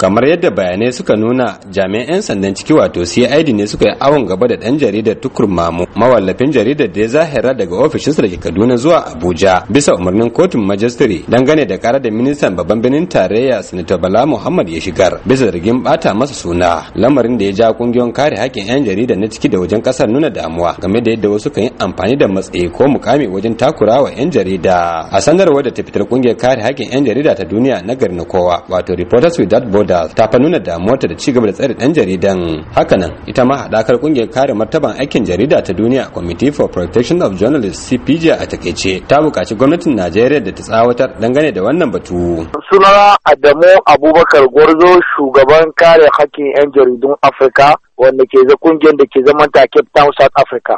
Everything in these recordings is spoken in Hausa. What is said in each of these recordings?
kamar yadda bayanai suka nuna jami'an 'yan sandan ciki wato cid ne suka yi awon gaba da dan jaridar tukur mamu mawallafin jaridar da ya zahira daga ofishinsa da kaduna zuwa abuja bisa umarnin kotun majistare dangane da kara da ministan babban birnin tarayya senator bala muhammad ya shigar bisa zargin bata masa suna lamarin da ya ja kungiyoyin kare hakkin 'yan jarida na ciki da wajen kasar nuna damuwa game da yadda wasu kan yi amfani da matsayi ko mukami wajen takura wa 'yan jarida a sanarwar da ta fitar kungiyar kare hakkin 'yan jarida ta duniya na garin kowa wato reporters without borders da ta fa nuna damuwarta da cigaba da tsare dan jaridan hakanan ita ma haɗakar kungiyar kare martaban aikin jarida ta duniya committee for protection of journalists cpj a takaice ta bukaci gwamnatin najeriya da ta tsawatar dangane da wannan batu sunana adamu abubakar gwarzo shugaban kare hakkin yan jaridun afirka wanda ke za kungiyar da ke zaman ta cape town south africa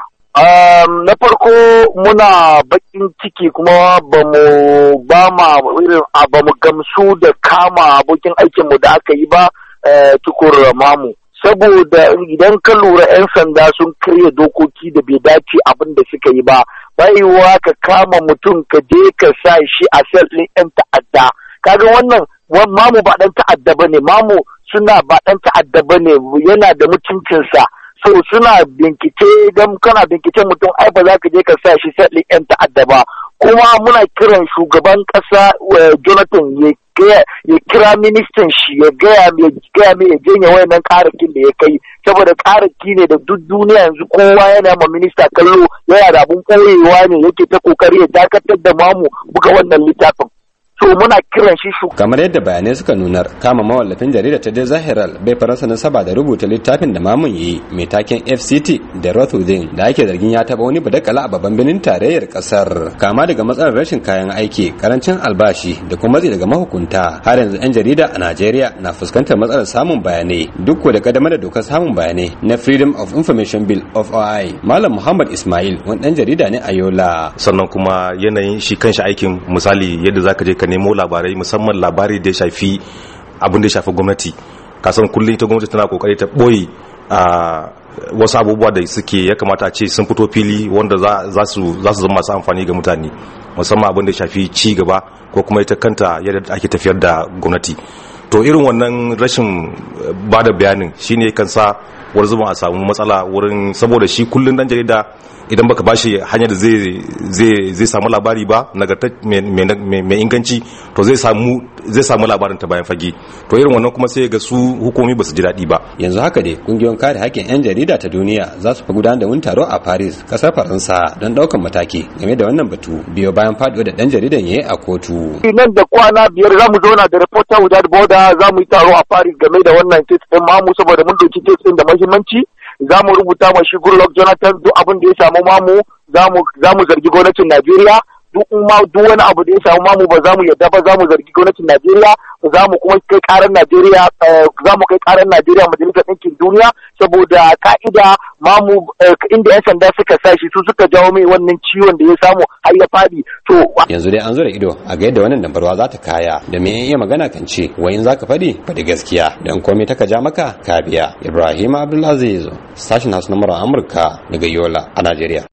na farko muna bakin ciki kuma ba mu ba ma irin ba mu gamsu da kama abokin aikinmu da aka yi ba eh, tukur mamu saboda idan ka lura 'yan sanda sun karya dokoki da bai dace abin da suka yi ba bayuwa ka kama mutum ka je ka sa shi a sel ɗin 'yan ta'adda kaga wannan mamu ba dan ta'adda bane mamu suna ba dan ta'adda bane yana da mutuncinsa so suna bincike don kana bincike mutum ai ba za ka je ka sa shi sadi yan ta'adda ba kuma muna kiran shugaban kasa eh, jonathan ya kira ministan shi ya gaya mai gaya ya janye wayannan karakin da ya kai saboda karaki ne da duk duniya yanzu kowa yana ma minista kallo yana da abun koyewa ne yake ta kokari ya dakatar da mamu buga wannan littafin muna kiran shi kamar yadda bayanai suka nunar kama mawallafin jarida ta dai zahiral bai faransa saba da rubuta littafin da mamun yi mai taken fct da roth within da ake zargin ya taba wani badakala a babban birnin tarayyar kasar kama daga matsalar rashin kayan aiki karancin albashi da kuma matsi daga mahukunta har yanzu yan jarida a najeriya na fuskantar matsalar samun bayanai duk da kadama da dokar samun bayanai na freedom of information bill of oi malam muhammad ismail wani ɗan jarida ne a yola sannan kuma yanayin shi kanshi aikin misali yadda zaka je ka nemi. nemo labarai musamman labari da ya shafi abin da ya shafi gwamnati kasan kullum ita gwamnati tana kokari ta boye wasu abubuwa da suke ya kamata ce sun fito fili wanda za su zama masu amfani ga mutane musamman abin da shafi ci gaba ko kuma ita kanta yadda ake tafiyar da gwamnati to irin wannan rashin ba da bayanin shine kan sa wani zuba a samu matsala wurin saboda shi kullum dan jarida idan baka bashi hanyar da zai samu labari ba mai inganci to zai samu labarin ta bayan fage to irin wannan kuma sai ga su hukumi ba su ji daɗi ba yanzu haka dai kungiyoyin kare haƙƙin 'yan jarida ta duniya za su fi gudanar da wani taro a paris kasar faransa don ɗaukar mataki game da wannan batu biyo bayan faɗuwa da ɗan jaridan ya yi a kotu nan da kwana biyar za mu zauna da reporter without border za mu yi taro a paris game da wannan kes ɗin mamu saboda mun doki kes ɗin da muhimmanci za mu rubuta ma shi Goodluck Jonathan duk abin da ya samu mamu za mu zargi gwamnatin Najeriya duk wani abu da ya samu mamu ba za mu yadda ba za mu zargi gwamnatin Najeriya za mu kuma kai karar Najeriya eh, za mu kai karar Najeriya majalisar ɗinkin duniya saboda ka'ida mamu eh, inda yan sanda suka sa shi, su suka jawo mai wannan ciwon da ya samu har ya fadi to yanzu dai an zura ido a ga yadda wannan dambarwa za ta kaya da me iya magana kan ce in zaka fadi fadi gaskiya dan komai ta ka ja maka ka biya ibrahim abdulaziz sashin hasu na amurka daga yola a najeriya